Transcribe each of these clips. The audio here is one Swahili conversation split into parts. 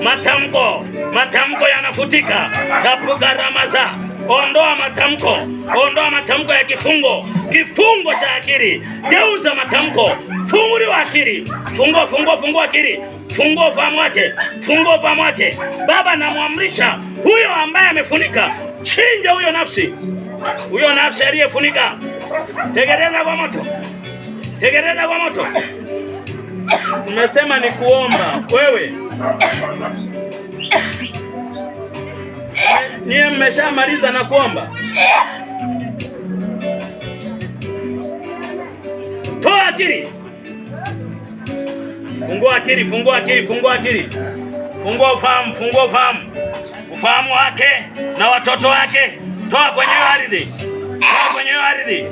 matamko, matamko yanafutika. Tapuka ramaza, ondoa matamko, ondoa matamko ya kifungo, kifungo cha akili. Geuza matamko, wa akili, fungo, fungo, fungo akili, fungo ufahamu wake, fungo ufahamu wake. Baba, namwamrisha huyo ambaye amefunika, chinja huyo nafsi, huyo nafsi aliyefunika, tegereza kwa moto, tegereza kwa moto. Umesema ni kuomba wewe Niye mmeshamaliza na kuomba? Toa akili. Fungua akili, fungua akili, fungua akili. Fungua ufahamu, fungua ufahamu. Ufahamu wake na watoto wake. Toa kwenye ardhi. Toa kwenye ardhi.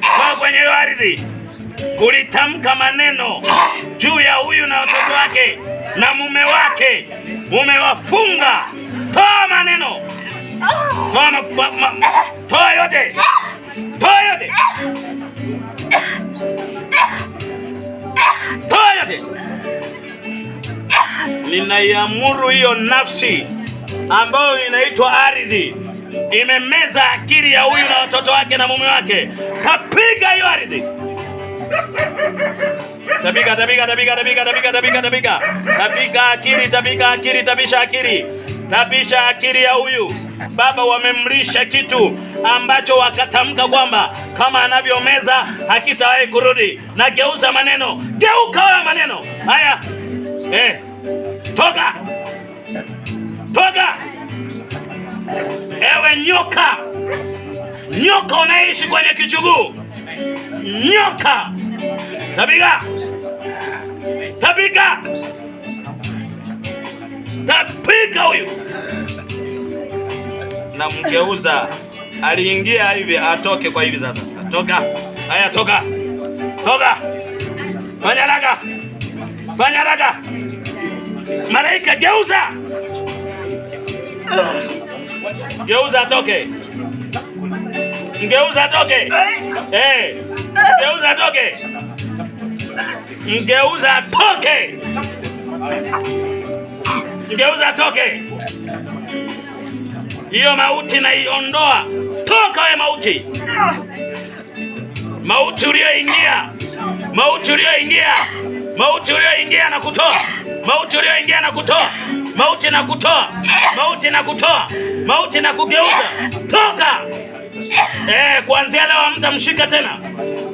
Toa kwenye ardhi. Kulitamka maneno juu ya huyu na watoto wake na mume wake umewafunga. Toa maneno, toa ma, ma, ma, toa yote, toa yote, toa yote. Ninaiamuru hiyo nafsi ambayo inaitwa ardhi imemeza akili ya huyu na watoto wake na mume wake, kapiga hiyo ardhi. Tabika, tabika, tabika, tabika, tabika, tabika, tabika. Tabika akili, tabika akili, tabisha akili. Tabisha akili ya huyu. Baba wamemlisha kitu ambacho wakatamka kwamba kama anavyomeza hakitawahi kurudi. Na geuza maneno. Geuka haya maneno. Haya. Eh. Toka. Toka. Ewe nyoka. Nyoka unaishi kwenye kichuguu. Nyoka. Tapiga, tapiga, tapiga huyu na mgeuza. Aliingia hivi, atoke kwa hivi sasa. Toka haya, toka, toka, fanya haraka, fanya haraka, malaika geuza, geuza, atoke Mgeuza toke. Eh. Mgeuza toke ngeuza toke, ngeuza toke Hiyo mauti naiondoa, toka we mauti, mauti ulioingia, mauti ulioingia, mauti ulioingia na kutoa, mauti ulioingia na kutoa, mauti na kutoa, mauti na kutoa, mauti na kugeuza, toka Eh, kuanzia leo mshika tena,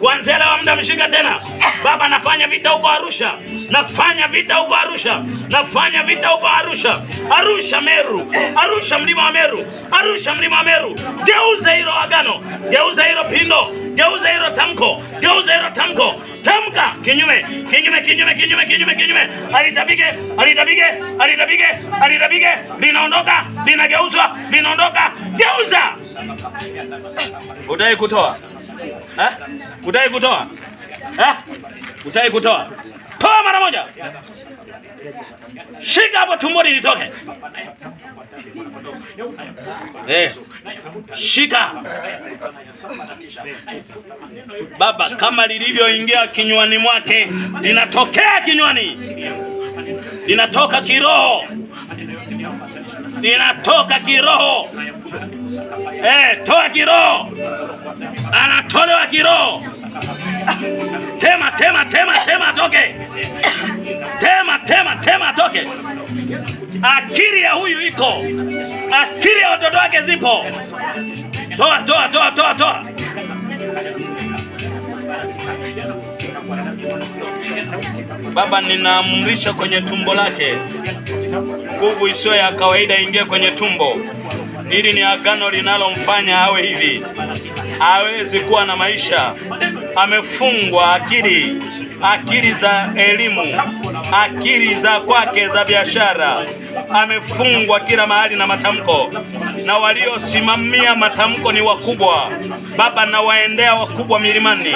kuanzia leo mshika tena. Baba, nafanya vita huko Arusha, nafanya vita huko Arusha, nafanya vita huko Arusha, Arusha Meru, Arusha mlima wa Meru, Arusha mlima wa Meru. Geuza hilo agano, geuza hilo pindo, geuza hilo tamko, geuza hilo tamko. Tamka kinyume, kinyume, kinyume, kinyume, kinyume, kinyume. Alitabige, alitabige, alitabige, alitabige, linaondoka, linageuzwa, linaondoka. Geuza Utai kutoa eh? Utai kutoa eh? Utai kutoa toa mara moja, shika hapo tumboni litoke eh. Shika Baba, kama lilivyoingia kinywani mwake linatokea kinywani, linatoka kiroho, linatoka kiroho Eh, toa kiroho, anatolewa kiroho. Tema, tema, tema, tema, toke. Tema, tema, tema, toke. Akili ya huyu iko, akili ya watoto wake zipo. Toa, toa, toa, toa, toa. Baba, ninaamrisha kwenye tumbo lake nguvu isiyo ya kawaida ingie kwenye tumbo Hili ni agano linalomfanya awe hivi, hawezi kuwa na maisha. Amefungwa akili, akili za elimu, akili za kwake za biashara. Amefungwa kila mahali na matamko, na waliosimamia matamko ni wakubwa. Baba, nawaendea wakubwa milimani,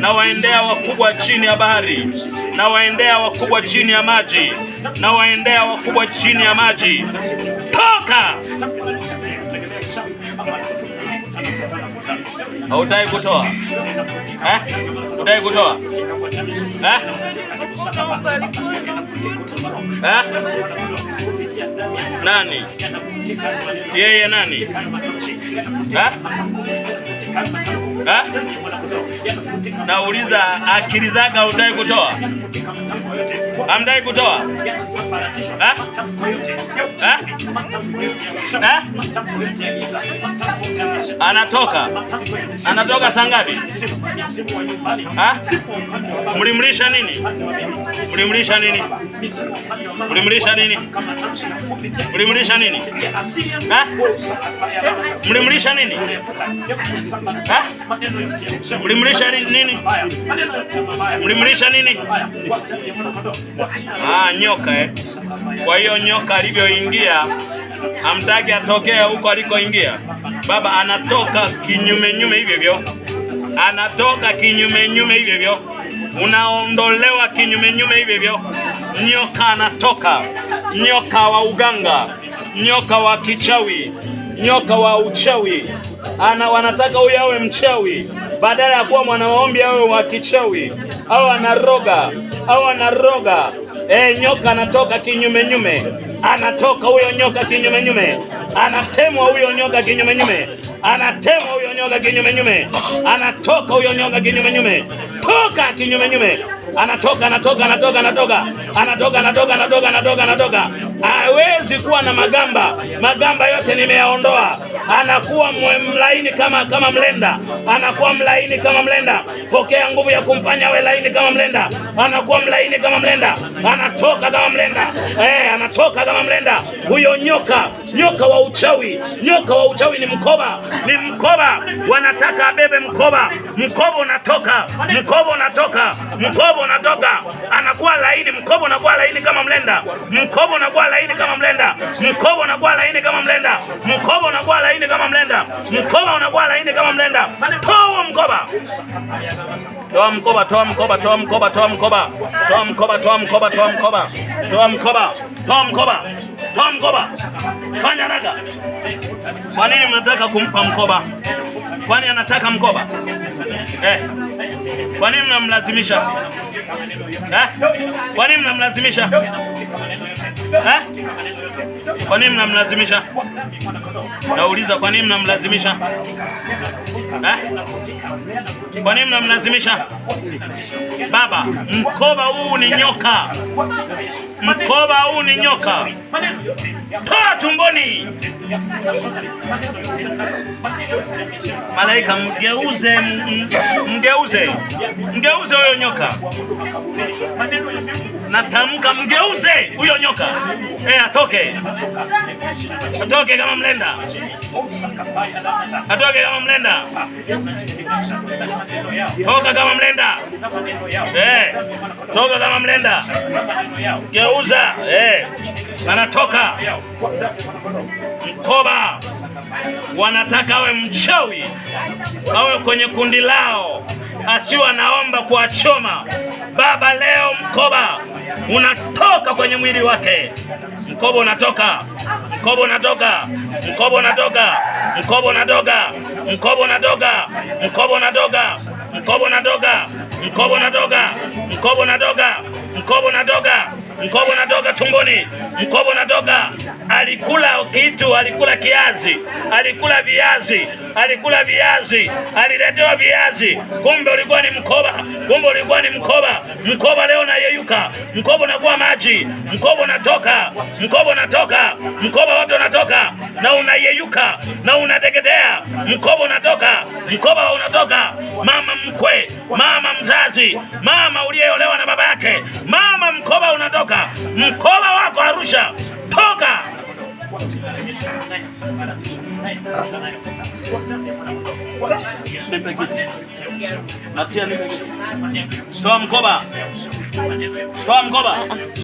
nawaendea wakubwa chini ya bahari, nawaendea wakubwa chini ya maji, nawaendea wakubwa chini ya maji. Toka! Hautai kutoa eh? utaki kutoa eh? Eh? nani? Yeye nani? Nauliza akili zake hautaki kutoa Hamdai kutoa eh? anatoka anatoka saa ngapi? Mlimlisha nini? Mlimlisha nini? Mlimlisha nini? Mlimlisha nini? Mlimlisha nini? Mlimlisha nini? Mlimlisha nini? Ah, nyoka eh. Kwa hiyo nyoka alivyoingia, amtaki atokee huko alikoingia. Baba anatoka kinyume nyume hivyo hivyo, anatoka kinyume nyume hivyo hivyo, unaondolewa kinyume nyume hivyo hivyo. Nyoka anatoka, nyoka wa uganga, nyoka wa kichawi, nyoka wa uchawi ana wanataka huyu awe mchawi badala ya kuwa mwanamaombi awe wa kichawi au anaroga au anaroga. E, nyoka anatoka kinyume nyume, anatoka huyo nyoka kinyume nyume anatemwa huyo nyoga kinyume nyume, anatemwa huyo nyoga kinyume nyume, anatoka huyo nyoga kinyume nyume, toka kinyume nyume, anatoka anatoka anatoka anatoka anatoka anatoka anatoka anatoka anatoka. Hawezi kuwa na magamba, magamba yote nimeyaondoa anakuwa mlaini kama kama mlenda, anakuwa mlaini kama mlenda. Pokea nguvu ya kumfanya awe laini kama mlenda, anakuwa mlaini kama mlenda, anatoka kama mlenda eh, anatoka kama mlenda. Huyo nyoka, nyoka wa uchawi, nyoka wa uchawi ni mkoba, ni mkoba. Wanataka abebe mkoba, mkoba unatoka, mkoba unatoka, mkoba unatoka, anakuwa laini, mkoba unakuwa laini kama mlenda, mkoba unakuwa laini kama mlenda, mkoba unakuwa laini kama mlenda, mkoba unakuwa laini laini kama mlenda, mkoba unakuwa laini kama mlenda mkoba, toa mkoba, toa mkoba, toa mkoba, toa mkoba, toa mkoba, toa mkoba, toa mkoba, toa mkoba, toa mkoba, toa mkoba, fanya raga. Kwa nini mnataka kumpa mkoba? Kwani anataka mkoba eh? Kwa nini mnamlazimisha eh? Kwa nini mnamlazimisha eh? Kwa nini mnamlazimisha? Nauliza, kwa nini mnamlazimisha eh? Kwa nini mnamlazimisha? Baba, mkoba huu ni nyoka, mkoba huu ni nyoka, toa tumboni. Malaika, mgeuze, mgeuze, mgeuze huyo nyoka. Natamka, mgeuze huyo nyoka, eh, atoke, atoke kama mlenda, atoke kama mlenda Toka kama mlenda, eh, toka kama mlenda, geuza, eh, anatoka mkoba. Wanataka awe mchawi, awe kwenye kundi lao, asiwa anaomba kuwachoma. Baba, leo mkoba unatoka kwenye mwili wake, mkoba unatoka mkobo natoka, mkobo natoka, mkobo natoka, mkobo natoka, mkobo natoka, mkobo natoka, mkobo natoka, mkobo natoka, mkobo natoka mkobo natoka tumboni, mkobo natoka. Alikula kitu, alikula kiazi, alikula viazi, alikula viazi, aliletewa viazi, kumbe ulikuwa ni mkoba, kumbe ulikuwa ni mkoba. Mkoba leo nayeyuka, mkobo nakuwa maji, mkobo natoka, mkobo natoka, mkoba wote unatoka na unayeyuka na unateketea, mkobo unatoka, mkoba unatoka. Mama mkwe, mama mzazi, mama uliyeolewa na baba yake, mama mkoba wako Arusha, toka toa mkoba, toa mkoba.